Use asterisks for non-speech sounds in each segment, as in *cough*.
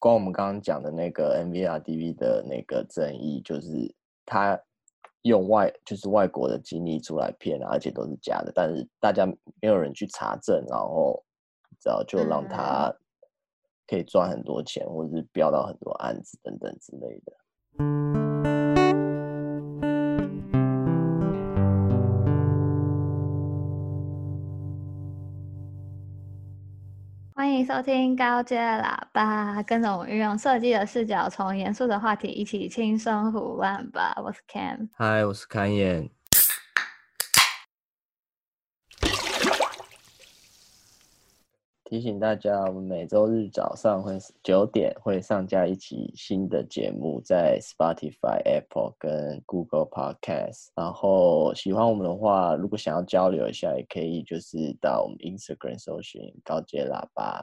關我們剛剛講的那個 MVRDV 的那個爭議，就是他用外就是外國的經歷出來騙，而且都是假的，但是大家沒有人去查證，然後只要就讓他可以賺很多錢，或者是標到很多案子等等之類的。歡迎收聽高階喇叭，跟着我們運用設計的視角，從嚴肅的話題一起輕鬆唬爛吧。我是 Cam，嗨，Hi, 我是侃爺。提醒大家，我們每周日早上會九點會上架一期新的節目，在 Spotify、Apple 跟 Google Podcast。然後喜歡我們的話，如果想要交流一下，也可以就是到我們 Instagram 搜尋“高階喇叭”。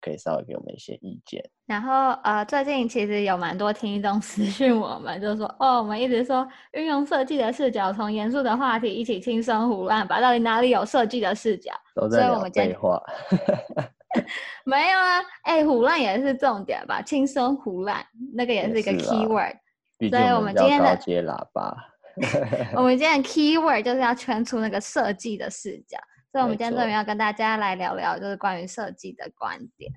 可以稍微給我們一些意見。然後，呃，最近其實有蠻多聽眾私信我們，就是說，哦，我們一直說運用設計的視角，從嚴肅的話題一起輕鬆胡亂吧，到底哪裡有設計的視角？所都在廢配話。 *laughs* 沒有啊、欸，胡亂也是重點吧？輕鬆胡亂那個也是一個 keyword，所, *laughs* 所以我們今天的高階喇叭， *laughs* 我們今天的 keyword 就是要圈出那個設計的視角。所以我們今天終於要跟大家來聊聊，就是關於設計的觀點。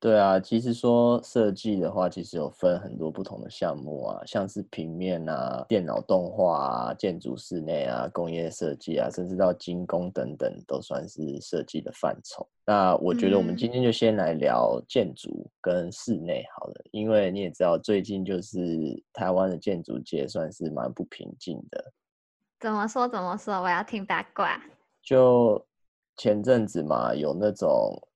對啊，其實說設計的話，其實有分很多不同的項目啊，像是平面啊、電腦動畫啊、建築室內啊、工業設計啊，甚至到精工等等，都算是設計的範疇。那我覺得我們今天就先來聊建築跟室內好了，嗯、因為你也知道，最近就是台灣的建築界算是蠻不平靜的。怎麼說？怎麼說？我要聽八卦。就前陣子嘛，有那種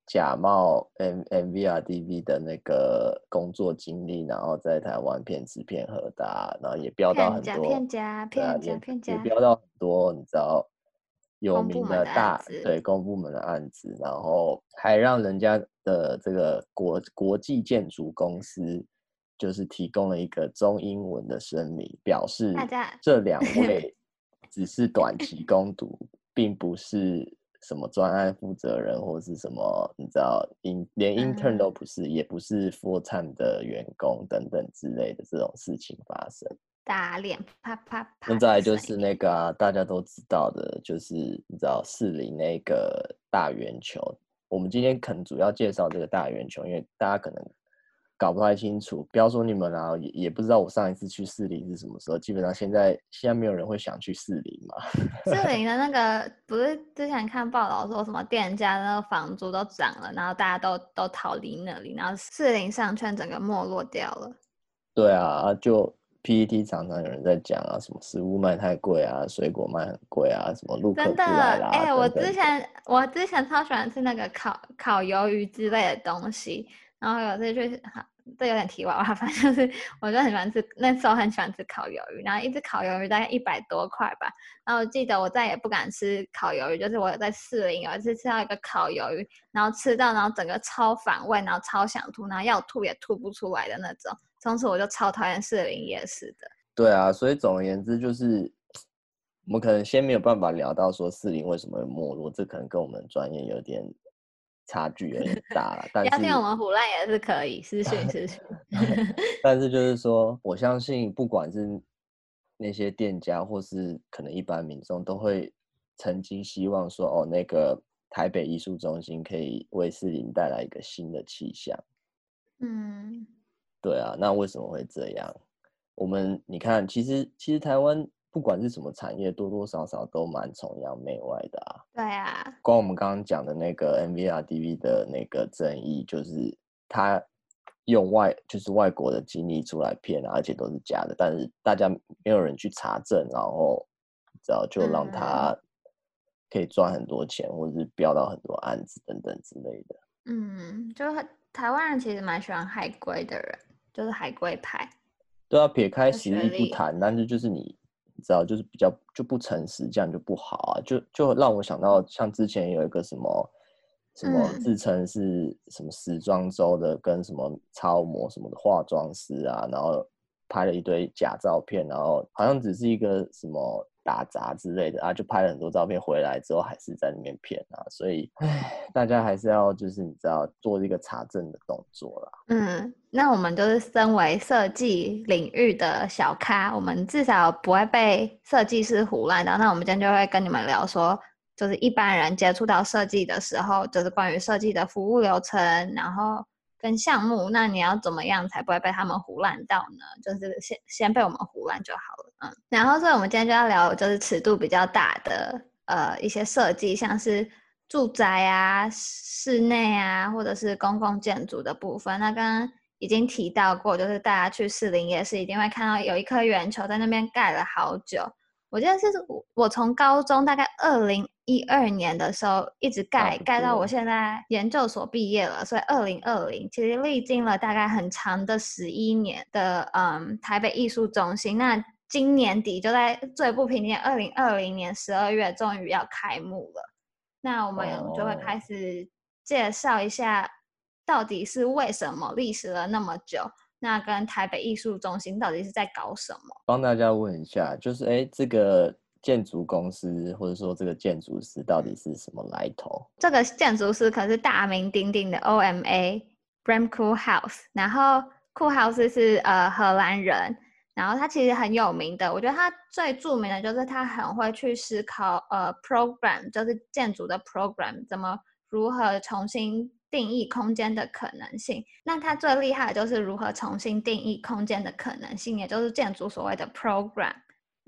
假冒 MVRDV 的那個工作經歷，然後在台灣騙吃騙喝的，然後也標到很多騙家騙騙家也標到很多，很多你知道，有名的大的對公部門的案子，然後還讓人家的這個國國際建築公司，就是提供了一個中英文的聲明，表示這兩位只是短期攻讀。大家 *laughs* 並不是什麼專案負責人，或是什麼，你知道連 intern 都不是，嗯、也不是 full time 的員工等等之類的這種事情發生，打臉啪啪啪。啪啪，那再來就是那個、啊、大家都知道的，就是你知道士林那個大圓球。我們今天可能主要介紹這個大圓球，因為大家可能。搞不太清楚，不要說你們啦、啊，也也不知道我上一次去士林是什麼時候。基本上現在現在沒有人會想去士林嘛。士林的那個 *laughs* 不是之前看報道說什麼店家那個房租都漲了，然後大家都都逃離那裡，然後士林商圈整個沒落掉了。對啊，就 PTT 常常有人在講啊，什麼食物賣太貴啊，水果賣很貴啊，什麼路、啊、真的哎，欸、等等我之前我之前超喜歡吃那個烤烤魷魚之類的東西。然後有這一次，這有點題外話，反、就、正是我就很喜歡吃，那時候很喜歡吃烤魷魚，然後一隻烤魷魚大概一百多塊吧。然後我記得我再也不敢吃烤魷魚，就是我在士林有一次吃到一個烤魷魚，然後吃到然後整個超反胃，然後超想吐，然後要吐也吐不出來的那種。從此我就超討厭士林夜市的。對啊，所以總而言之就是，我們可能先沒有辦法聊到說士林為什麼沒落，這可能跟我們專業有點差距也很大，但是相信我們唬爛也是可以，是是是，是 *laughs* 但是就是說，我相信不管是那些店家或是可能一般民眾，都會曾經希望說，哦，那個台北藝術中心可以為士林帶來一個新的氣象。嗯，對啊，那為什麼會這樣？我們你看，其實其實台灣。不管是什麼產業，多多少少都蠻崇洋媚外的啊。對啊。光我們剛剛講的那個 MVRDV 的那個爭議，就是他用外就是外國的經歷出來騙、啊，而且都是假的，但是大家沒有人去查證，然後然後就讓他可以賺很多錢，嗯、或者是標到很多案子等等之類的。嗯，就是台灣人其實蠻喜歡海歸的人，就是海歸派。對啊，撇開實力不談，但是就是你。你知道就是比較就不誠實，這樣就不好啊，就就讓我想到像之前有一個什麼、嗯、什麼自稱是什麼時裝周的，跟什麼超模什麼的化妝師啊，然後拍了一堆假照片，然後好像只是一個什麼。打雜之類的啊，就拍了很多照片回來之後，還是在裡面騙啊，所以，唉，大家還是要就是你知道做一個查證的動作啦。嗯，那我們就是身為設計領域的小咖，我們至少不會被設計師唬爛的。那我們今天就會跟你們聊說，就是一般人接觸到設計的時候，就是關於設計的服務流程，然後。跟項目，那你要怎麼樣才不會被他們唬爛到呢？就是先先被我們唬爛就好了，嗯。然後，所以我們今天就要聊，就是尺度比較大的，呃，一些設計，像是住宅啊、室內啊，或者是公共建築的部分。那剛剛已經提到過，就是大家去士林也是一定會看到有一顆圓球在那邊蓋了好久。我記得是我我從高中大概二零。一二年的時候一直蓋，啊、蓋到我現在研究所畢業了，所以二零二零其實歷經了大概很長的十一年的，嗯，台北藝術中心。那今年底就在最不平靜，二零二零年十二月終於要開幕了。那我們就會開始介紹一下，到底是為什麼歷時了那麼久？那跟台北藝術中心到底是在搞什麼？幫大家問一下，就是哎，這個。建築公司，或者說這個建築師到底是什麼來頭？這個建築師可是大名鼎鼎的 OMA，Rem Koolhaas，然後 Koolhaas 是呃荷蘭人，然後他其實很有名的。我覺得他最著名的就是他很會去思考呃 program，就是建築的 program 怎麼如何重新定義空間的可能性。那他最厲害的就是如何重新定義空間的可能性，也就是建築所謂的 program。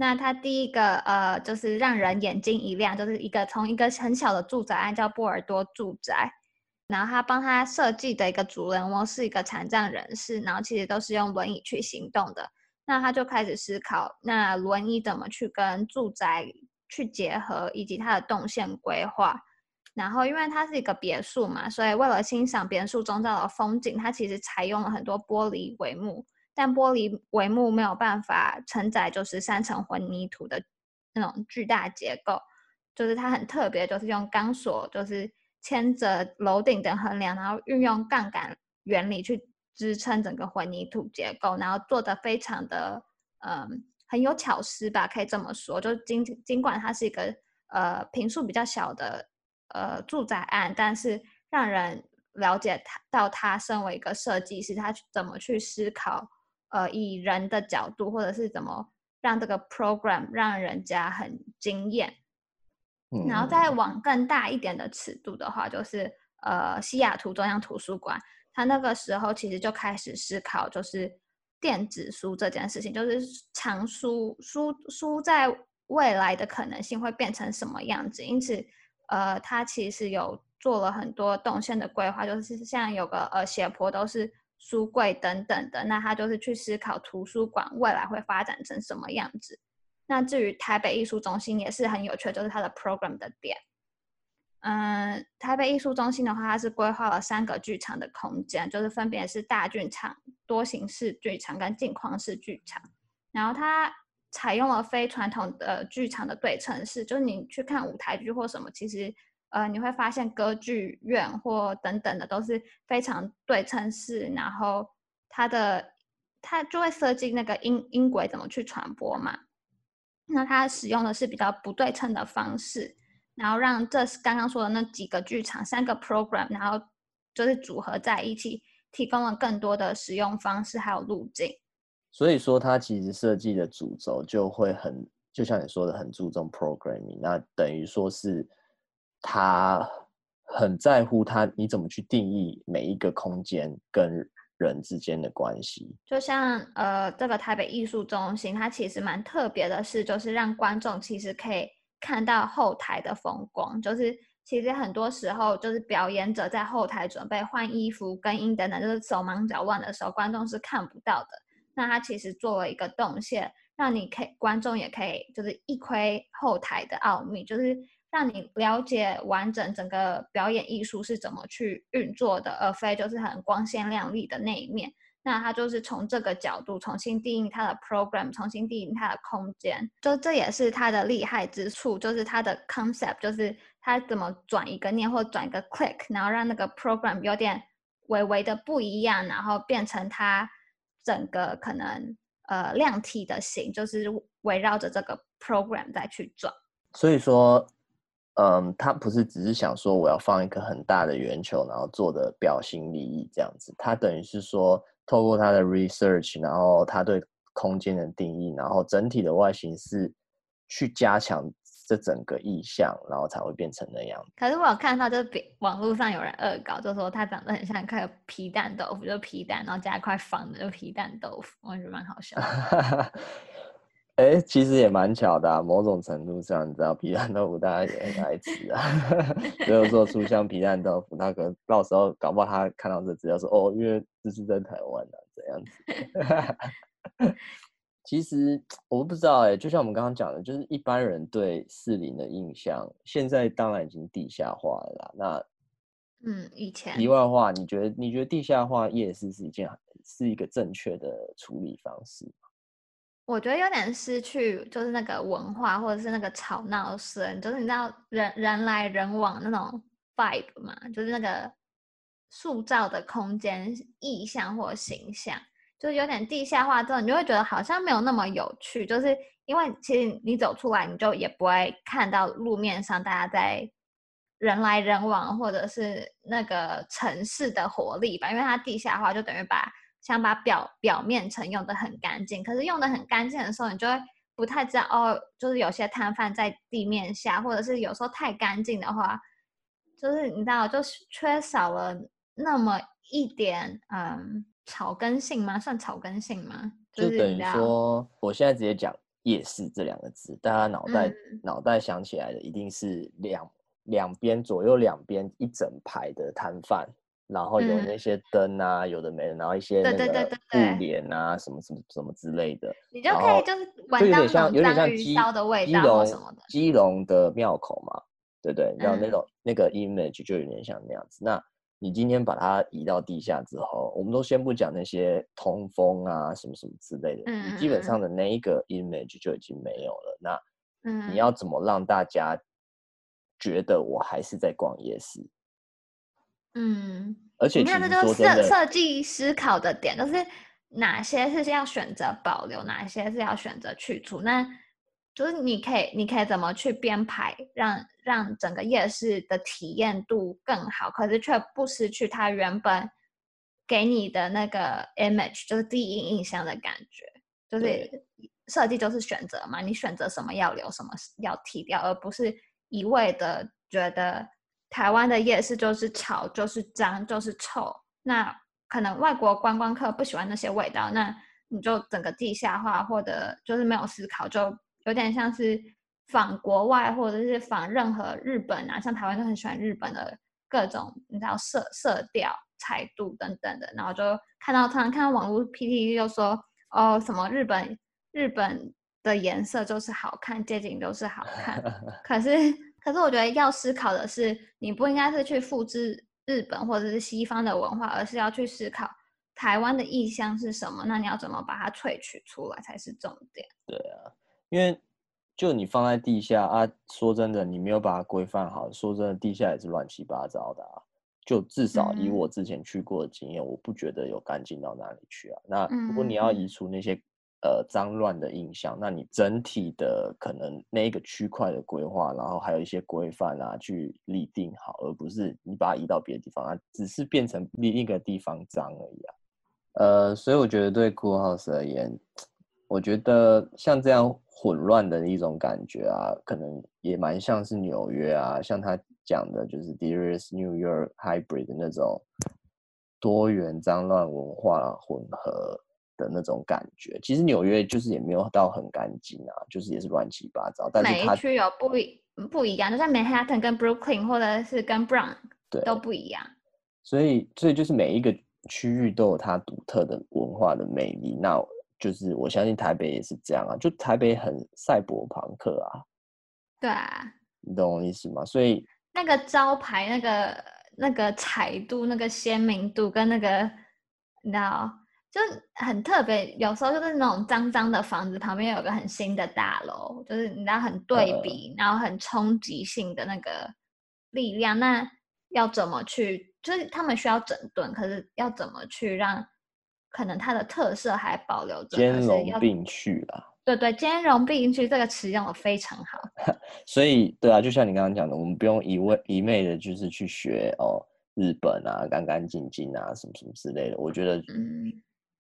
那他第一個呃，就是讓人眼睛一亮，就是一個從一個很小的住宅案叫波爾多住宅，然後他幫他設計的一個主人翁是一個殘障人士，然後其實都是用輪椅去行動的。那他就開始思考，那輪椅怎麼去跟住宅去結合，以及它的動線規劃。然後因為它是一個別墅嘛，所以為了欣賞別墅周遭的風景，它其實採用了很多玻璃帷幕。但玻璃帷幕沒有辦法承載，就是三層混凝土的那種巨大結構，就是它很特別，就是用鋼索就是牽着樓頂的橫樑，然後運用槓桿原理去支撐整個混凝土結構，然後做得非常的嗯，很有巧思吧，可以這麼說。就盡儘管它是一個呃坪數比較小的呃住宅案，但是讓人了解到他身為一個設計師，他怎麼去思考。呃，以人的角度，或者是怎麼讓這個 program 讓人家很驚艷，嗯，然後再往更大一點的尺度的話，就是呃，西雅圖中央圖書館，它那個時候其實就開始思考，就是電子書這件事情，就是藏書書書在未來的可能性會變成什麼樣子，嗯，因此，呃，他其實有做了很多動線的規劃，就是像有個呃斜坡都是。書櫃等等的，那他就是去思考圖書館未來會發展成什麼樣子。那至於台北藝術中心也是很有趣，就是它的 program 的點。嗯，呃，台北藝術中心的話，它是規劃了三個劇場的空間，就是分別是大劇場、多形式劇場跟鏡框式劇場。然後它採用了非傳統的劇場的對稱式，就是你去看舞台劇或什麼，其實。呃，你會發現歌劇院或等等的都是非常對稱式，然後它的它就會設計那個音音軌怎麼去傳播嘛。那它使用的是比較不對稱的方式，然後讓這是剛剛說的那幾個劇場三個 program，然後就是組合在一起，提供了更多的使用方式還有路徑。所以說，它其實設計的主軸就會很，就像你說的很注重 programming，那等於說是。他很在乎他你怎麼去定義每一個空間跟人之間的關係。就像呃，這個台北藝術中心，它其實蠻特別的是，就是讓觀眾其實可以看到後台的風光。就是其實很多時候，就是表演者在後台準備換衣服、更衣等等，就是手忙腳亂的時候，觀眾是看不到的。那他其實做了一個動線，讓你可以觀眾也可以就是一窺後台的奧秘，就是。讓你了解完整整個表演藝術是怎麼去運作的，而非就是很光鮮亮麗的那一面。那他就是從這個角度重新定義他的 program，重新定義他的空間，就這也是他的厲害之處，就是他的 concept，就是他怎麼轉一個念或轉一個 click，然後讓那個 program 有點微微的不一樣，然後變成他整個可能呃量體的形，就是圍繞着這個 program 再去轉。所以說。嗯，他不是只是想說我要放一個很大的圓球，然後做的表心利意這樣子。他等於是說，透過他的 research，然後他對空間的定義，然後整體的外形是去加強這整個意象，然後才會變成那樣子。可是我有看到，就是比網絡上有人惡搞，就說他長得很像一塊皮蛋豆腐，就是、皮蛋，然後加一塊方的，就皮蛋豆腐，我覺得蠻好笑。 *laughs* 哎、欸，其實也蠻巧的，啊，某種程度上，你知道皮蛋豆腐大家也很愛吃啊，沒有做出像皮蛋豆腐，那可，個，能到時候搞不好他看到這資料說哦，因為這是在台灣的，啊，這樣子？ *laughs* 其實我不知道哎、欸，就像我們剛剛講的，就是一般人對士林的印象，現在當然已經地下化了。那嗯，以前。題外話，你覺得你覺得地下化夜市是一件是一個正確的處理方式嗎？我覺得有點失去，就是那個文化，或者是那個吵鬧聲，就是你知道人，人人來人往那種 vibe 嘛，就是那個塑造的空間意象或形象，就是有點地下化之後，你就會覺得好像沒有那麼有趣，就是因為其實你走出來，你就也不會看到路面上大家在人來人往，或者是那個城市的活力吧，因為它地下化就等於把。想把表、表面層用的很乾淨，可是用的很乾淨的時候，你就會不太知道哦，就是有些攤販在地面下，或者是有時候太乾淨的話，就是你知道，就缺少了那麼一點，嗯，草根性嗎？算草根性嗎？就，是，就等於說，我現在直接講夜市這兩個字，大家腦袋腦、嗯、袋想起來的一定是兩兩邊左右兩邊一整排的攤販。然後有那些燈啊，嗯、有的沒的，然後一些那個簾啊，對對對對對什麼什麼什麼之類的，你就可以就是玩魚就有點像，有點像基隆的基隆什麼的，基隆的廟口嘛，對不對？嗯、然後那種那個 image 就有點像那樣子。那你今天把它移到地下之後，我們都先不講那些通風啊什麼什麼之類的，嗯嗯嗯，你基本上的那一個 image 就已經沒有了。那你要怎麼讓大家覺得我還是在逛夜市？嗯，而且你看，這就是設設計思考的點就是哪些，是要選擇保留，哪些是要選擇去除？那就是你可以，你可以怎麼去編排，讓讓整個夜市的體驗度更好，可是卻不失去它原本給你的那個 image，就是第一印象的感覺。就是設計就是選擇嘛，你選擇什麼要留，什麼要剔掉，而不是一味的覺得。台灣的夜市就是吵，就是髒，就是臭。那可能外國觀光客不喜歡那些味道，那你就整個地下化，或者就是沒有思考，就有點像是仿國外，或者是仿任何日本啊。像台灣都很喜歡日本的各種你知道色色調、彩度等等的，然後就看到突然看到網絡 PTT 就說哦什麼日本日本的顏色就是好看，街景都是好看，可是。 *laughs* 可是我覺得要思考的是，你不應該是去複製日本或者是西方的文化，而是要去思考台灣的意象是什麼。那你要怎麼把它萃取出來才是重點。對啊，因為就你放在地下啊，說真的，你沒有把它規範好。說真的，地下也是亂七八糟的啊。就至少以我之前去過的經驗，嗯、我不覺得有乾淨到哪裡去啊。那如果你要移除那些。呃，髒亂的印象，那你整體的可能那個區塊的規劃，然後還有一些規範啊，去立定好，而不是你把它移到別的地方啊，它只是變成另一個地方髒而已啊。呃，所以我覺得對酷、cool、house 而言，我覺得像這樣混亂的一種感覺啊，可能也蠻像是紐約啊，像他講的就是 Diverse New York Hybrid 的那種多元髒亂文化、啊、混合。的那種感覺，其實紐約就是也沒有到很乾淨啊，就是也是亂七八糟。但是每一區有不不一樣，就像 Manhattan 跟 Brooklyn、ok、或者是跟 Brown 對，都不一樣。所以，所以就是每一個區域都有它獨特的文化的魅力。那就是我相信台北也是這樣啊，就台北很賽博朋克啊。對啊，你懂我意思嗎？所以那個招牌，那個那個彩度，那個鮮明度，跟那個，你知道。就很特別，有時候就是那種髒髒的房子旁邊有個很新的大樓，就是你知道很對比，呃、然後很衝擊性的那個力量。那要怎麼去？就是他們需要整頓，可是要怎麼去讓可能它的特色還保留著？兼容並蓄啊。對對，兼容並蓄這個詞用的非常好。所以，對啊，就像你剛剛講的，我們不用一味一味的，就是去學哦，日本啊，乾乾淨淨啊，什麼什麼之類的。我覺得，嗯。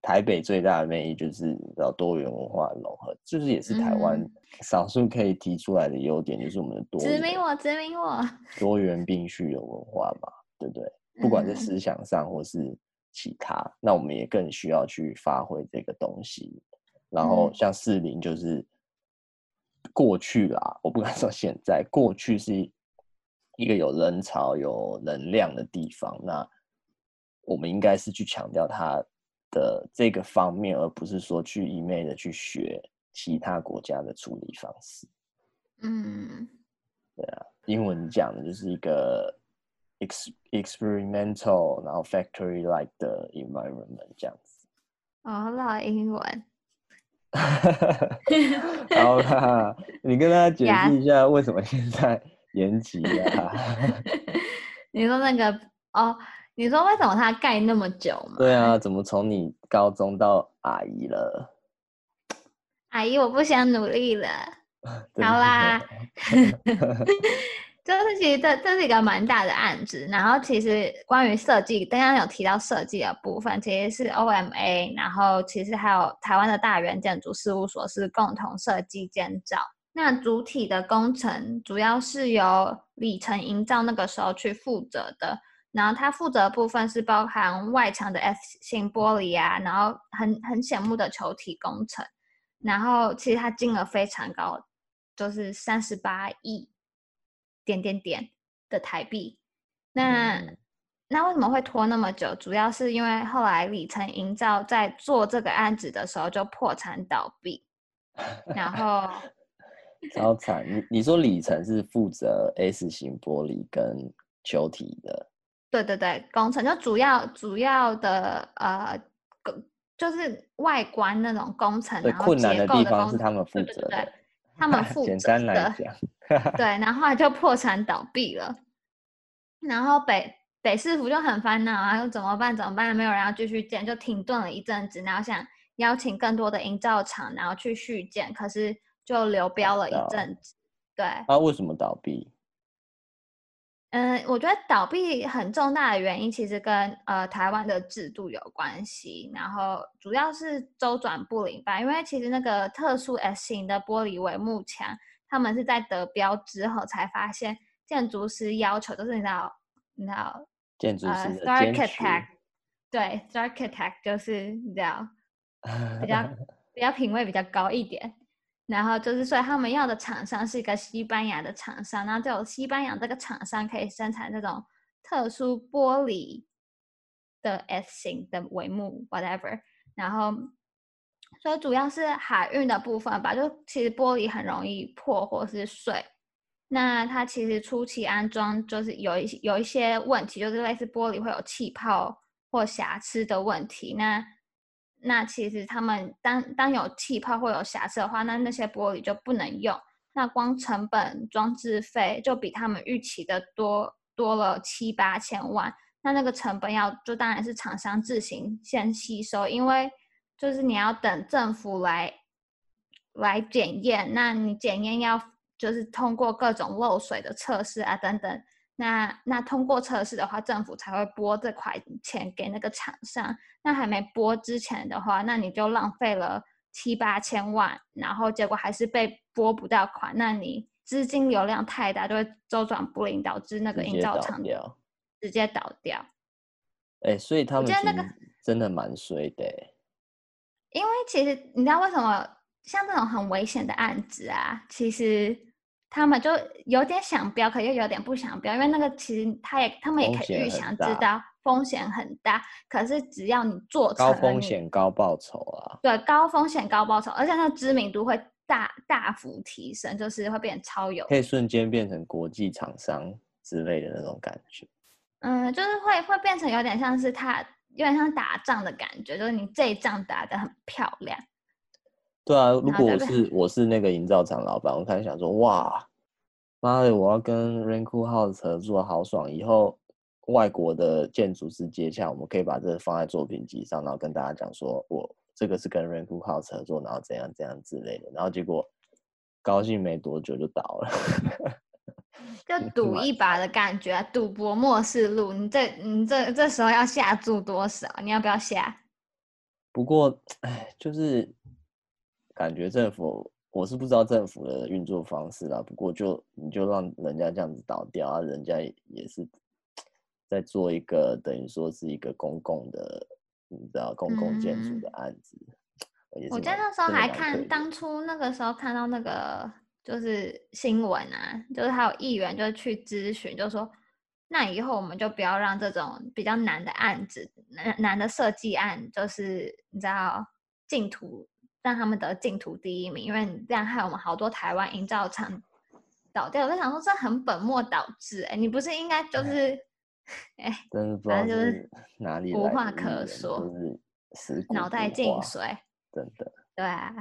台北最大的魅力就是要多元文化融合，就是也是台灣少數可以提出來的優點，就是我們的多元。指明我，指明我，多元並蓄的文化嘛，嗯、對不對，對？不管是思想上或是其他，那我們也更需要去發揮這個東西。然後像士林，就是過去啊，我不敢說現在，過去是一個有人潮、有能量的地方。那我們應該是去強調它。的這個方面，而不是說去一味的去學其他國家的處理方式。嗯，對啊，英文講的就是一個 ex experimental，然後 factory-like 的 environment 這樣子。哦，那英文。然後 *laughs* 你跟他解釋一下為什麼現在延吉啊？ *laughs* 你說那個哦。你說為什麼他蓋那麼久嗎？對啊，怎麼從你高中到阿姨了？阿姨，我不想努力了。 *laughs* 好啦， *laughs* *laughs* 就是其實這這是一個蠻大的案子。然後其實關於設計，剛剛有提到設計的部分，其實是 O M A，然後其實還有台灣的大元建築事務所是共同設計建造。那主體的工程主要是由里程營造那個時候去負責的。然後它負責的部分是包含外牆的 S 型玻璃啊，然後很很顯目的球體工程，然後其實它金額非常高，就是三十八億點點點的台幣。那、嗯、那為什麼會拖那麼久？主要是因為後來理成營造在做這個案子的時候就破產倒閉，然後 *laughs* 超慘。你你說理成是負責 S 型玻璃跟球體的。對對對，工程就主要主要的呃，就是外觀那種工程，對然後結構的工，對，他們負責的。簡單來講， *laughs* 對，然後就破產倒閉了。然後北北市府就很煩惱啊，又怎麼辦？怎麼辦？沒有人要繼續建，就停頓了一陣子，然後想邀請更多的營造廠，然後去續建，可是就流標了一陣子。啊、對。啊，為什麼倒閉？嗯，我覺得倒閉很重大的原因，其實跟呃台灣的制度有關係，然後主要是周轉不靈吧。因為其實那個特殊 S 型的玻璃帷幕牆，他們是在得標之後才發現，建築師要求都是你知道，你知道，建築師，呃、star architect，對，star architect 就是你要，比較 *laughs* 比較品味比較高一點。然後就是說，他們要的廠商是一個西班牙的廠商，然後只有西班牙這個廠商可以生產這種特殊玻璃的 S 型的帷幕，whatever。然後，所以主要是海運的部分吧。就其實玻璃很容易破或是碎，那它其實初期安裝就是有一有一些問題，就是類似玻璃會有氣泡或瑕疵的問題。那那其實他們當當有氣泡或有瑕疵的話，那那些玻璃就不能用。那光成本裝置費就比他們預期的多多了七八千萬。那那個成本要就當然是廠商自行先吸收，因為就是你要等政府來來檢驗，那你檢驗要就是通過各種漏水的測試啊等等。那那通過測試的話，政府才會撥這塊錢給那個廠商。那還沒撥之前的話，那你就浪費了七八千萬，然後結果還是被撥不到款。那你資金流量太大，就會周轉不靈，導致那個營造廠直接倒掉。直接倒掉。哎、欸，所以他們、欸、覺得那個真的蠻衰的。因為其實你知道為什麼像這種很危險的案子啊，其實。他們就有點想標，可又有點不想標，因為那個其實他也他們也可以預想知道風險，風險很大，可是只要你做你，高風險高報酬啊，對，高風險高報酬，而且那知名度會大大幅提升，就是會變成超有，可以瞬間變成國際廠商之類的那種感覺。嗯，就是會會變成有點像是他有點像打仗的感覺，就是你這一仗打得很漂亮。對啊，如果我是我是那個營造廠老闆，我剛才想說，哇，媽的，我要跟 Rem Koolhaas 合作，好爽！以後外國的建築師接洽，我們可以把這個放在作品集上，然後跟大家講說，我這個是跟 Rem Koolhaas 合作，然後怎樣怎樣之類的。然後結果高興沒多久就倒了， *laughs* 就賭一把的感覺、啊，賭博默示錄，你這你這這時候要下注多少？你要不要下？不過，哎，就是。感覺政府我是不知道政府的運作方式啦，不過就你就讓人家這樣子倒掉啊，人家也,也是在做一個等於說是一個公共的，你知道公共建築的案子。嗯、我在那時候還看還當初那個時候看到那個就是新聞啊，就是還有議員就是去諮詢，就說那以後我們就不要讓這種比較難的案子難難的設計案，就是你知道競圖。讓他們得淨土第一名，因為你這樣害我們好多台灣營造廠倒掉。我想說，這很本末倒置哎、欸，你不是應該就是哎，反正就是哪裡無話可說，就是、腦袋進水，真的。對啊。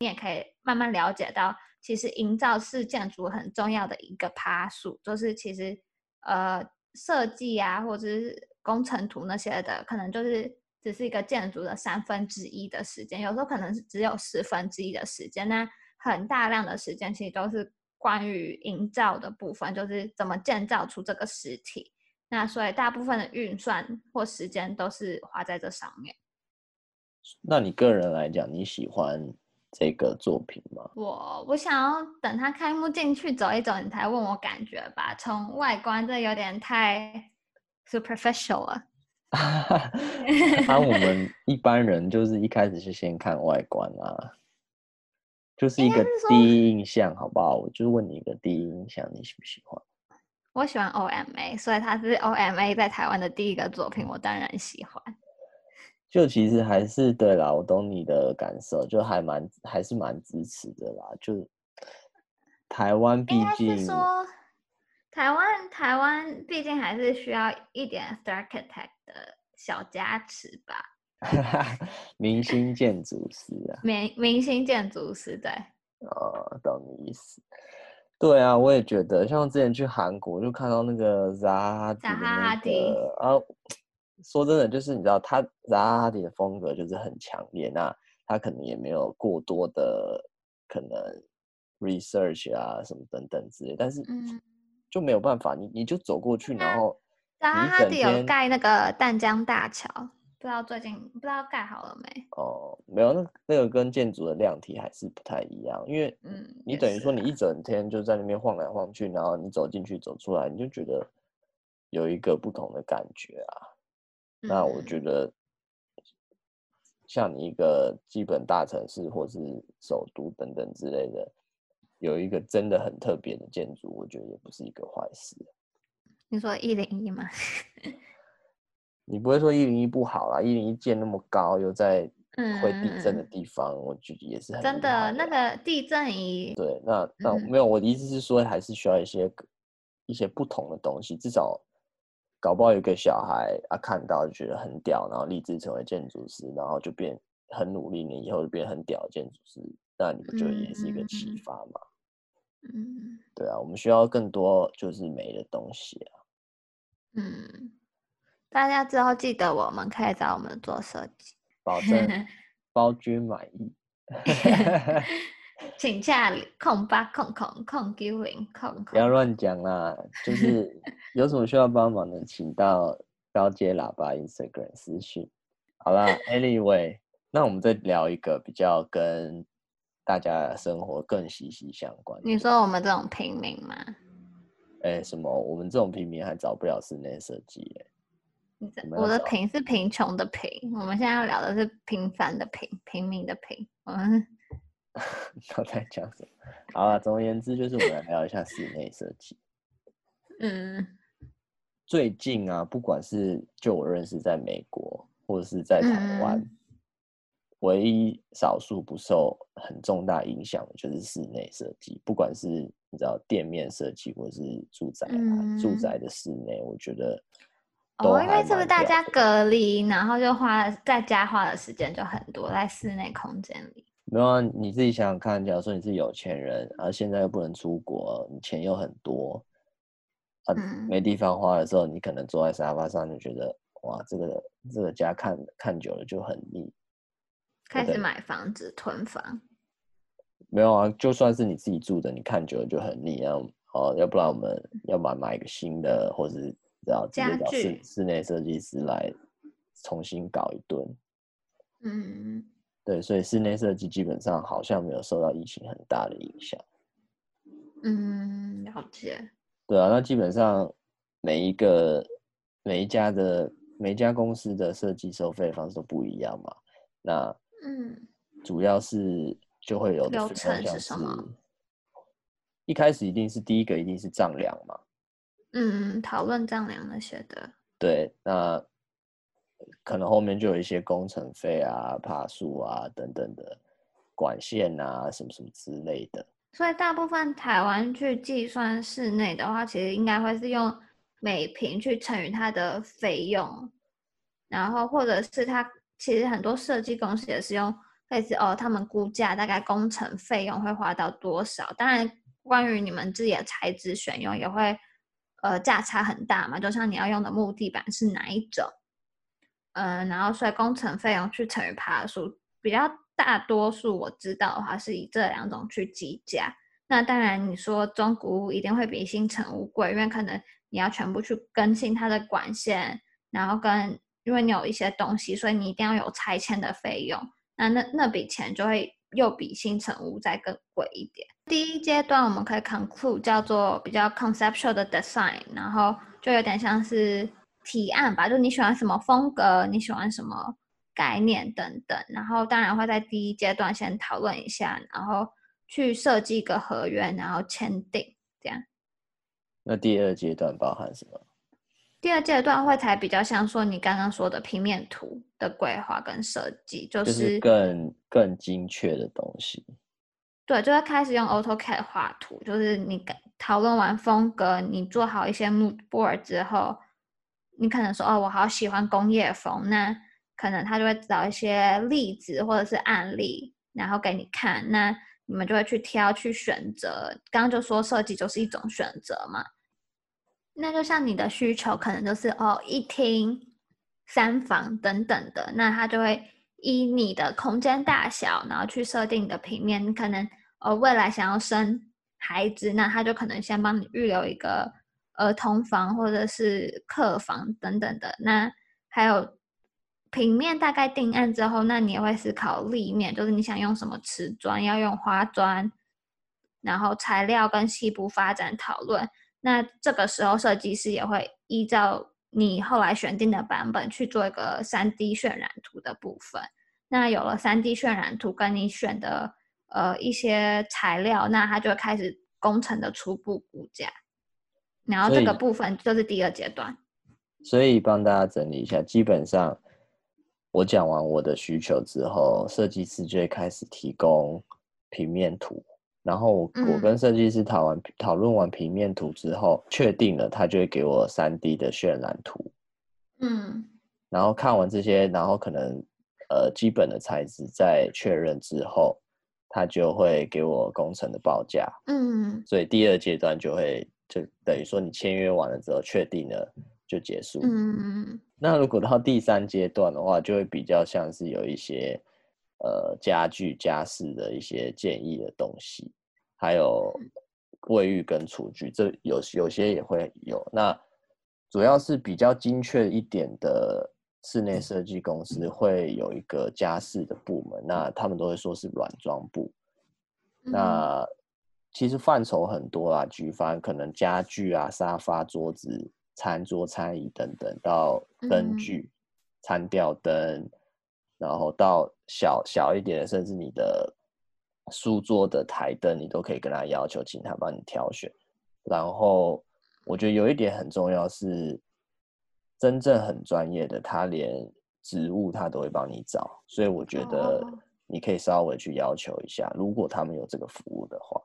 你也可以慢慢了解到，其實營造是建築很重要的一個趴數，就是其實呃設計啊，或者是工程圖那些的，可能就是。只是一個建築的三分之一的時間，有時候可能是只有十分之一的時間。那很大量的時間其實都是關於營造的部分，就是怎麼建造出這個實體。那所以大部分的運算或時間都是花在這上面。那你個人來講，你喜歡這個作品嗎？我我想要等它開幕進去走一走，你才問我感覺吧。從外觀這有點太 superficial 了。 *laughs* 啊，我們一般人就是一開始是先看外觀啊，就是一個第一印象，好不好？我就問你一個第一印象，你喜不喜歡？我喜歡 O M A，所以他是 O M A 在台灣的第一個作品，我當然喜歡。就其實還是對啦，我懂你的感受，就還蠻還是蠻支持的啦，就台灣畢竟。台灣台灣畢竟還是需要一點 star architect 的小加持吧， *laughs* 明星建築師啊，明明星建築師對，哦，懂你意思，對啊，我也覺得，像我之前去韓國就看到那個 Zaha Hadid 說真的就是你知道他 Zaha Hadid 的風格就是很強烈，啊，那他可能也沒有過多的可能 research 啊什麼等等之類，但是。嗯就沒有辦法，你你就走過去，然後，那他他就有蓋那個淡江大橋，不知道最近不知道蓋好了沒？哦，沒有，那那個跟建築的量體還是不太一樣，因為嗯，你等於說你一整天就在那邊晃來晃去，然後你走進去走出來，你就覺得有一個不同的感覺啊。嗯、那我覺得，像你一個基本大城市或是首都等等之類的。有一個真的很特別的建築，我覺得也不是一個壞事。你說一零一嗎？ *laughs* 你不會說一零一不好啦，一零一建那麼高，又在會地震的地方，嗯、我覺得也是很厲害的。真的。那個地震儀，對，那那沒有，我的意思是說，還是需要一些、嗯、一些不同的東西。至少搞不好有一個小孩啊，看到就覺得很屌，然後立志成為建築師，然後就變很努力，你以後就變很屌的建築師。那你不就也是一個啟發嗎？嗯，嗯，對啊，我們需要更多就是美的東西啊。嗯，大家之後記得我們可以找我們做設計，保證包君滿意。 *laughs* *laughs* 請假控八控控控九零控,控，不要亂講啦。就是有什麼需要幫忙的， *laughs* 請到高階喇叭 Instagram 私訊，好啦 anyway 那我們再聊一個比較跟。大家生活更息息相關。你說我們這種平民嗎？哎、欸，什麼？我們這種平民還找不了室內設計耶？這我，我的貧是貧窮的貧，我們現在要聊的是平凡的平，平民的平。我們到底在講 *laughs* 什麼？好了、啊，總而言之，就是我們來聊一下室內設計。 *laughs* 嗯，最近啊，不管是就我認識，在美國或者是在台灣。嗯唯一，少數不受很重大影響的就是室內設計，不管是你知道店面設計，或者是住宅、啊，嗯、住宅的室內，我覺得哦，因為是不是大家隔離，然後就花在家花的時間就很多在室內空間裡。沒有啊，你自己想想看，假如說你是有錢人，而現在又不能出國，你錢又很多，啊，沒地方花的時候，你可能坐在沙發上就覺得哇，這個這個家看看久了就很膩。開始買房子對囤房，沒有啊？就算是你自己住的，你看久了就很膩，害。哦，要不然我們要買買一個新的，具或者然後叫室室內設計師來重新搞一頓。嗯，對，所以室內設計基本上好像沒有受到疫情很大的影響。嗯，了解。對啊，那基本上每一個每一家的每一家公司的設計收費方式都不一樣嘛？那。嗯，主要是就會有的流程是什麼，一開始一定是第一個，一定是丈量嘛。嗯，討論丈量那些的。對，那可能後面就有一些工程費啊、爬樹啊等等的管線啊、什麼什麼之類的。所以大部分台灣去計算室內的話，其實應該會是用每坪去乘以它的費用，然後或者是它。其實很多設計公司也是用類似哦，他們估價大概工程費用會花到多少？當然，關於你們自己的材質選用也會，呃，價差很大嘛。就像你要用的木地板是哪一種，嗯、呃，然後所以工程費用去乘以趴數，比較大多數我知道的話是以這兩種去計價。那當然，你說中古屋一定會比新成屋貴，因為可能你要全部去更新它的管線，然後跟。因為你有一些東西，所以你一定要有拆遷的費用。那那那筆錢就會又比新成屋再更貴一點。第一階段我們可以 conclude 叫做比較 conceptual 的 design，然後就有點像是提案吧，就你喜歡什麼風格，你喜歡什麼概念等等。然後當然會在第一階段先討論一下，然後去設計一個合約，然後簽訂這樣。那第二階段包含什麼？第二階段會才比較像說你剛剛說的平面圖的規劃跟設計，就是，就是更更精確的東西。對，就會開始用 AutoCAD 畫圖，就是你討論完風格，你做好一些 mood board 之後，你可能說哦，我好喜歡工業風，那可能他就會找一些例子或者是案例，然後給你看，那你們就會去挑去選擇。剛剛就說設計就是一種選擇嘛。那就像你的需求可能就是哦，一廳三房等等的，那他就會依你的空間大小，然後去設定你的平面。你可能哦，未來想要生孩子，那他就可能先幫你預留一個兒童房或者是客房等等的。那還有平面大概定案之後，那你也會思考立面，就是你想用什麼瓷磚，要用花磚，然後材料跟細部發展討論。那這個時候，設計師也會依照你後來選定的版本去做一個三 D 渲染圖的部分。那有了三 D 渲染圖跟你選的呃一些材料，那它就會就開始工程的初步估價。然後這個部分就是第二階段。所以，所以幫大家整理一下，基本上我講完我的需求之後，設計師就會開始提供平面圖。然後我跟設計師討完、嗯、討論完平面圖之後，確定了，他就會給我 3D 的渲染圖。嗯，然後看完這些，然後可能呃基本的材質在確認之後，他就會給我工程的報價。嗯，所以第二階段就會就等於說你簽約完了之後，確定了就結束。嗯，那如果到第三階段的話，就會比較像是有一些呃家具家飾的一些建議的東西。還有衛浴跟廚具，這有有些也會有。那主要是比較精確一點的室內設計公司會有一個家飾的部門，那他們都會說是軟裝部。嗯、哼那其實範疇很多啊，舉凡可能家具啊、沙發、桌子、餐桌、餐椅等等，到燈具、嗯、哼餐吊燈，然後到小小一點，甚至你的。書桌的台燈，你都可以跟他要求，請他幫你挑選。然後，我覺得有一點很重要是，真正很專業的，他連植物他都會幫你找，所以我覺得你可以稍微去要求一下，哦、如果他們有這個服務的話。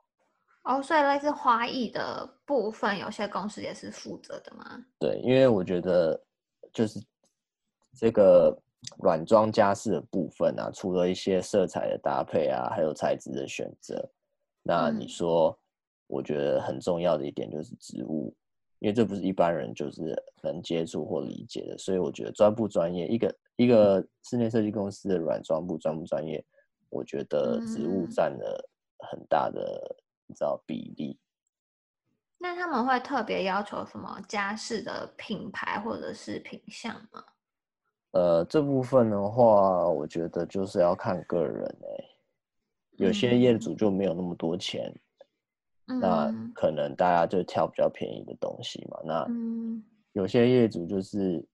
哦，所以類似花藝的部分，有些公司也是負責的嗎？對，因為我覺得就是這個。軟裝家飾的部分啊，除了一些色彩的搭配啊，還有材質的選擇，那你說，我覺得很重要的一點就是植物，因為這不是一般人就是能接觸或理解的，所以我覺得專不專業，一個一個室內設計公司的軟裝部專不專業，我覺得植物占了很大的你知道比例。那他們會特別要求什麼家飾的品牌或者是品項嗎？呃，這部分的話，我覺得就是要看個人哎、欸，有些業主就沒有那麼多錢，嗯、那可能大家就挑比較便宜的東西嘛。那有些業主就是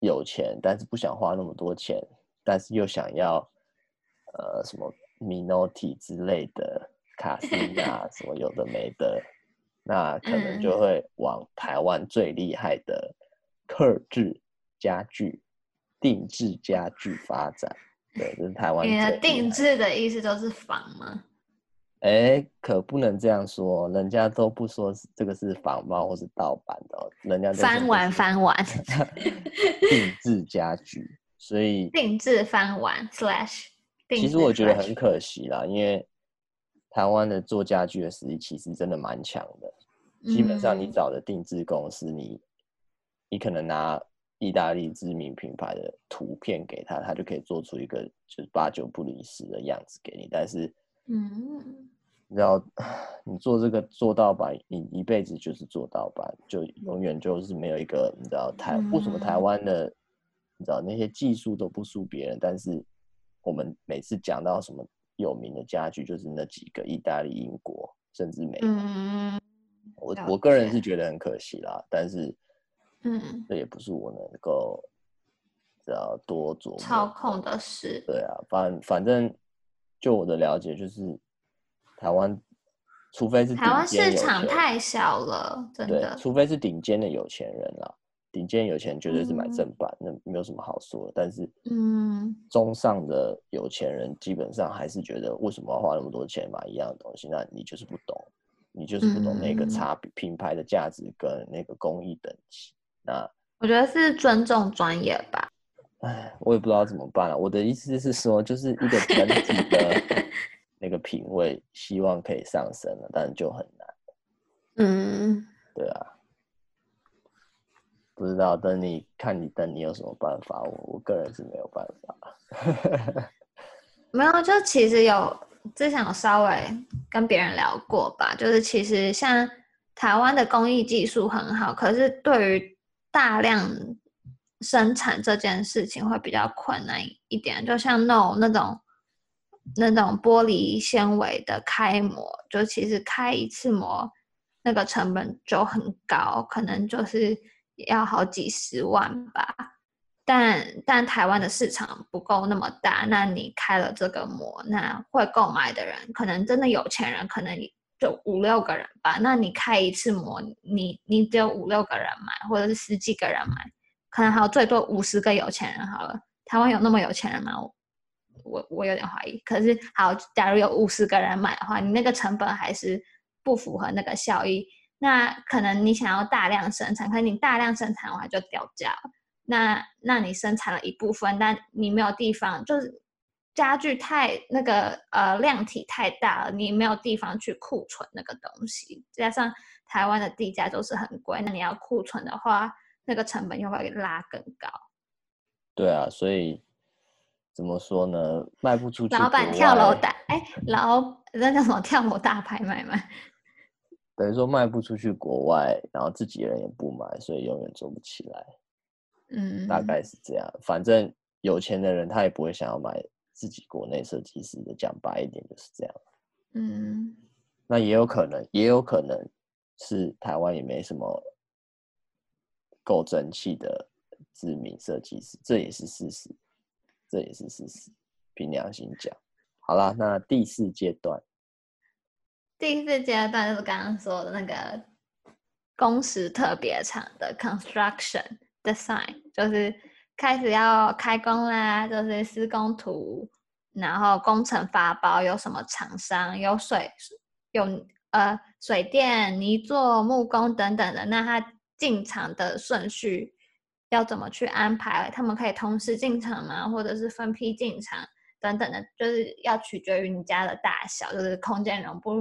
有錢，但是不想花那麼多錢，但是又想要呃什麼 Minotti 之類的卡西啊 *laughs* 什麼有的沒的，那可能就會往台灣最厲害的客製家具定製家具發展，對，這是台灣。你的定製的意思都是仿嗎？哎，可不能這樣說，人家都不說是這個是仿冒，或是盜版的，哦，人家翻玩翻玩。 *laughs* 定製家具，所以定製翻玩 slash。定製其實我覺得很可惜啦，嗯、因為台灣的做家具的實力其實真的蠻強的，基本上你找的定製公司你，你，嗯、你可能拿。意大利知名品牌的圖片給他，他就可以做出一個就是八九不離十的樣子給你。但是，嗯，你知道，你做這個做盜版，你一輩子就是做盜版，就永遠就是沒有一個、嗯、你知道台為什麼台灣的，你知道那些技術都不輸別人，但是我們每次講到什麼有名的家具，就是那幾個意大利、英國，甚至美國。嗯、我我個人是覺得很可惜啦，但是。嗯，這也不是我能夠只要多做，操控的事。對啊，反反正就我的了解，就是台灣，除非是台灣市場太小了，真的，對，除非是頂尖的有錢人啦、啊，頂尖有錢人絕對是買正版，嗯、那沒有什麼好說的。但是，嗯，中上的有錢人基本上還是覺得，為什麼要花那麼多錢買一樣的東西？那你就是不懂，你就是不懂那個差別，嗯、嗯，品牌的價值跟那個工藝等級。那我覺得是尊重專業吧。唉，我也不知道怎麼辦了啊。我的意思是說，就是一個整體的那個品味， *laughs* 希望可以上升了，但是就很難。嗯，對啊，不知道等你看，你等你有什麼辦法？我我個人是沒有辦法。 *laughs* 沒有，就其實有之前有稍微跟別人聊過吧。就是其實像台灣的工藝技術很好，可是對於大量生產這件事情會比較困難一點，就像那那種那種玻璃纖維的開模，就其實開一次模，那個成本就很高，可能就是要好幾十萬吧。但但台灣的市場不夠那麼大，那你開了這個模，那會購買的人，可能真的有錢人，可能。就五六個人吧，那你開一次模，你你只有五六個人買，或者是十幾個人買，可能還有最多五十個有錢人好了。台灣有那麼有錢人嗎？我我，我有點懷疑。可是好，假如有五十個人買的話，你那個成本還是不符合那個效益。那可能你想要大量生產，可是你大量生產的話就掉價了。那那你生產了一部分，但你沒有地方，就是。家具太那個呃量體太大了，你沒有地方去庫存那個東西，加上台灣的地價都是很貴，那你要庫存的話，那個成本又會拉更高。對啊，所以怎麼說呢？賣不出去，老板跳樓大，哎，老，那叫什麼，跳樓大拍賣嗎？等於說賣不出去國外，然後自己人也不買，所以永遠做不起來。嗯，大概是這樣。反正有錢的人他也不會想要買。自己國內設計師的講白一點就是這樣，嗯，那也有可能，也有可能是台灣也沒什麼夠爭氣的知名設計師，這也是事實，這也是事實，憑良心講。好了，那第四階段，第四階段就是剛剛說的那個工時特別長的 construction design，就是。開始要開工啦，就是施工圖，然後工程發包，有什麼廠商，有水，有呃水電泥作，木工等等的，那他進場的順序要怎麼去安排？他們可以同時進場嗎？或者是分批進場等等的，就是要取決於你家的大小，就是空間容不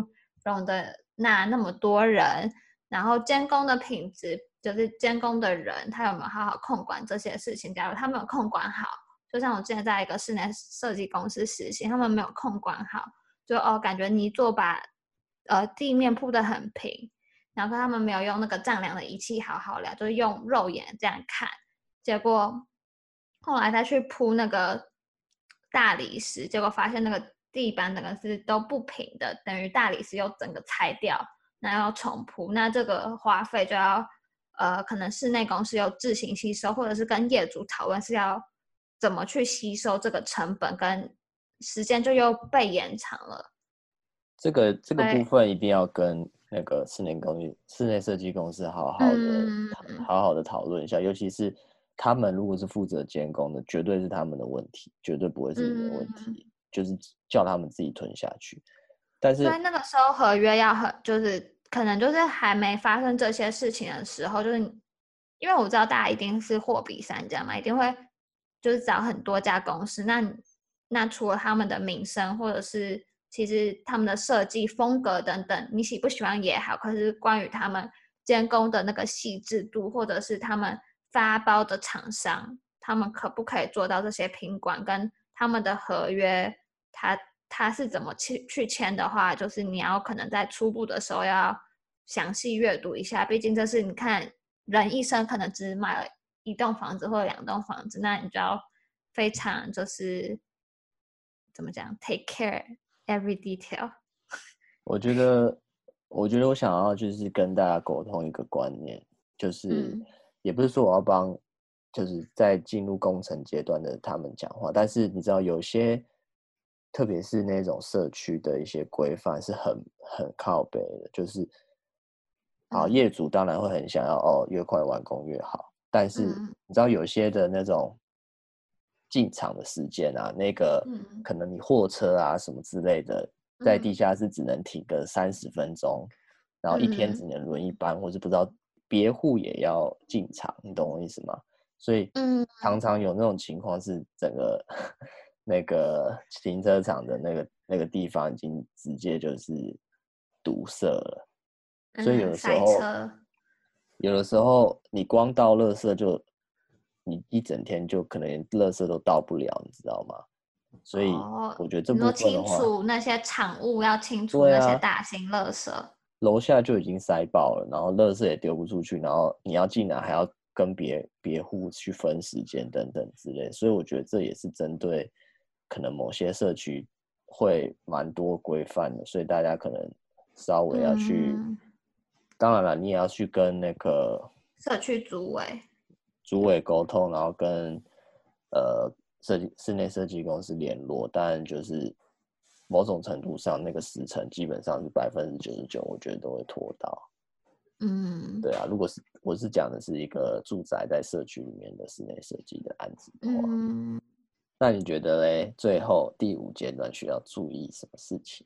容得那那麼多人，然後監工的品質。就是監工的人，他有沒有好好控管這些事情？假如他沒有控管好，就像我之前在一個室內設計公司實習，他們沒有控管好，就哦，感覺泥作把，呃，地面鋪得很平，然後他們沒有用那個丈量的儀器好好量，就是用肉眼這樣看，結果，後來他去鋪那個大理石，結果發現那個地板那個是都不平的，等於大理石又整個拆掉，那要重鋪，那這個花費就要。呃，可能室內公司又自行吸收，或者是跟業主討論是要怎麼去吸收這個成本，跟時間就又被延長了。這個這個部分一定要跟那個室內公寓，對室內設計公司好好的、嗯、好好的討論一下，尤其是他們如果是負責監工的，絕對是他們的問題，絕對不會是你的問題，嗯、就是叫他們自己吞下去。但是，所以那個時候合約要和就是。可能就是還沒發生這些事情的時候，就是因為我知道大家一定是貨比三家嘛，一定會就是找很多家公司。那那除了他們的名聲，或者是其實他們的設計風格等等，你喜不喜歡也好，可是關於他們監工的那個細緻度，或者是他們發包的廠商，他們可不可以做到這些品管，跟他們的合約，他。他是怎麼去去簽的話，就是你要可能在初步的時候要詳細閱讀一下，畢竟就是你看人一生可能只買了一棟房子或兩棟房子，那你就要非常就是怎麼講，take care every detail。我覺得，我覺得我想要就是跟大家溝通一個觀念，就是也不是說我要幫就是在進入工程階段的他們講話，但是你知道有些。特別是那種社區的一些規範是很很靠北的，就是啊，業主當然會很想要哦，越快完工越好。但是你知道有些的那種進場的時間啊，嗯、那個可能你貨車啊什麼之類的，嗯、在地下室只能停個三十分鐘，嗯、然後一天只能輪一班，或是不知道別戶也要進場，你懂我意思嗎？所以常常有那種情況是整個。 *laughs* 那個停車場的那個那個地方已經直接就是堵塞了，嗯、所以有的時候塞車有的時候你光倒垃圾就你一整天就可能連垃圾都倒不了，你知道嗎？所以我覺得這不、哦、清楚那些產物，要清除那些大型垃圾，啊，樓下就已經塞爆了，然後垃圾也丟不出去，然後你要進來還要跟別別戶去分時間等等之類，所以我覺得這也是針對。可能某些社區會蠻多規範的，所以大家可能稍微要去，嗯、當然了，你也要去跟那個社區主委、主委溝通，然後跟呃設計室內設計公司聯絡。但就是某種程度上，那個時程基本上是百分之九十九，我覺得都會拖到。嗯，對啊，如果是我是講的是一個住宅在社區裡面的室內設計的案子的話。嗯那你覺得嘞，最後第五階段需要注意什麼事情？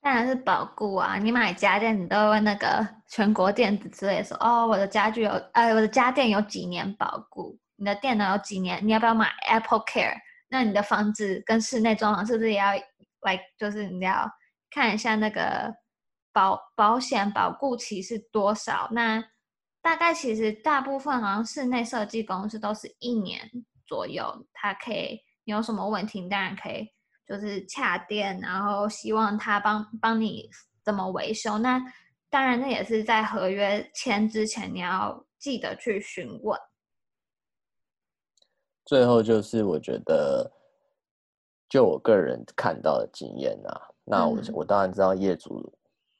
當然是保固啊！你買家電，你都問那個全國電子之類說，哦，我的家具有，呃，我的家電有幾年保固？你的電腦有幾年？你要不要買 Apple Care？那你的房子跟室內裝潢是不是也要來？Like, 就是你要看一下那個保保險保固期是多少？那大概其實大部分好像室內設計公司都是一年。左右，他可以，你有什麼問題，你當然可以，就是洽電，然後希望他幫幫你怎麼維修。那當然，那也是在合約簽之前，你要記得去詢問。最後就是，我覺得就我個人看到的經驗啊，那我、嗯、我當然知道業主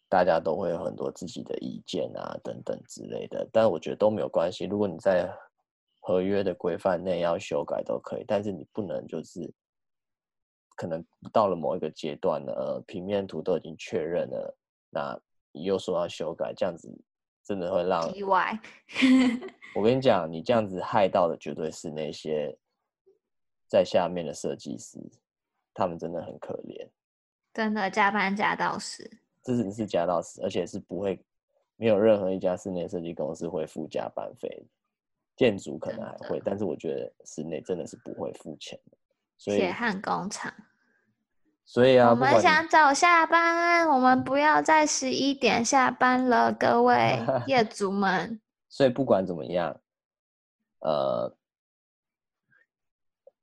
大家都會有很多自己的意見啊等等之類的，但我覺得都沒有關係。如果你在合約的規範內要修改都可以，但是你不能就是，可能到了某一個階段了，呃，平面圖都已經確認了，那你又說要修改，這樣子真的會讓意外。急歪 *laughs* 我跟你講，你這樣子害到的絕對是那些在下面的設計師，他們真的很可憐，真的加班加到死，這只是加到死，而且是不會沒有任何一家室內設計公司會付加班費的。建築可能還會，對對對，但是我覺得室內真的是不會付錢的。血汗工廠，所以啊，我們想早下班，嗯、我們不要在十一點下班了，各位業主們。 *laughs* 所以不管怎麼樣，呃，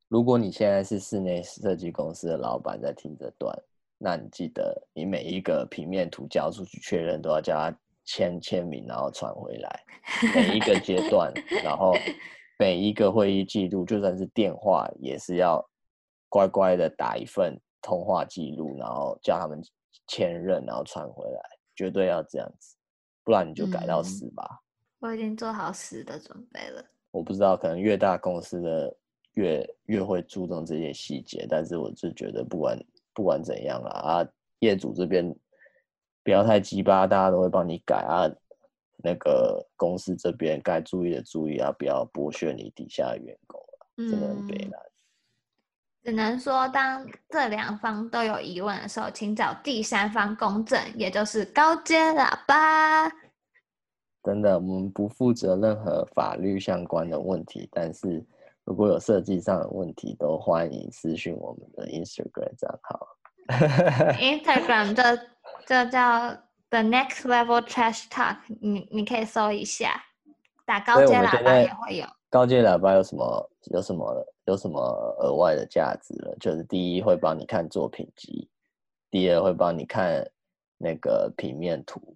如果你現在是室內設計公司的老闆，在聽這段，那你記得你每一個平面圖交出去確認都要加。簽簽名，然後傳回來，每一個階段， *laughs* 然後每一個會議記錄，就算是電話也是要乖乖的打一份通話記錄，然後叫他們簽認，然後傳回來，絕對要這樣子，不然你就改到死吧、嗯。我已經做好死的準備了。我不知道，可能越大公司的越越會注重這些細節，但是我就覺得不管不管怎樣啦啊，業主這邊。不要太雞巴，大家都會幫你改啊。那個公司這邊該注意的注意啊，不要剝削你底下的員工，啊、真的很為難。只能說，當這兩方都有疑問的時候，請找第三方公正，也就是高階喇叭。真的，我們不負責任何法律相關的問題，但是如果有設計上的問題，都歡迎私訊我們的 Instagram 賬號。 *laughs* Instagram 這這叫 The Next Level Trash Talk，你你可以搜一下，打高階喇叭也會有。高階喇叭有什麼？有什麼？有什麼額外的價值了？就是第一會幫你看作品集，第二會幫你看那個平面圖，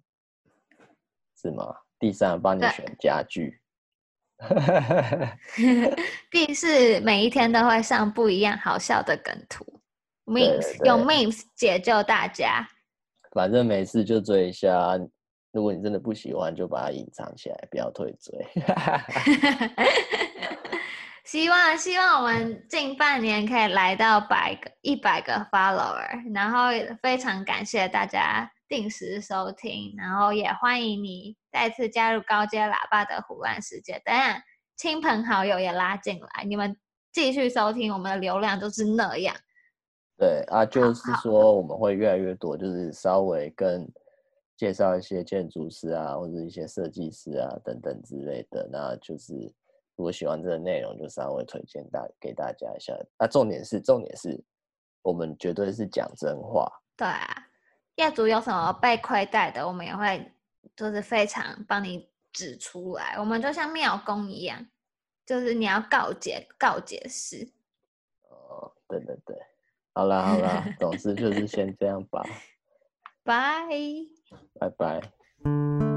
是嗎？第三幫你選家具。哈哈哈，第四 *laughs* *laughs* 每一天都會上不一樣好笑的梗圖。Memes 對用 memes 解救大家，反正沒事就追一下。如果你真的不喜歡，就把它隱藏起來，不要退追。 *laughs* *laughs* 希望希望我們近半年可以來到百個一百個 follower，然後非常感謝大家定時收聽，然後也歡迎你再次加入高階喇叭的胡亂世界。等下親朋好友也拉進來，你們繼續收聽，我們的流量都是那樣。對啊，就是說我們會越來越多，就是稍微跟介紹一些建築師啊，或者一些設計師啊等等之類的。那就是如果喜歡這個內容，就稍微推薦大給大家一下。那、啊、重點是重點是我們絕對是講真話。對啊，業主有什麼被虧待的，我們也會就是非常幫你指出來。我們就像廟公一樣，就是你要告解告解師。哦，對對對。 *laughs* 好啦好啦，總之就是先這樣吧，拜拜拜拜。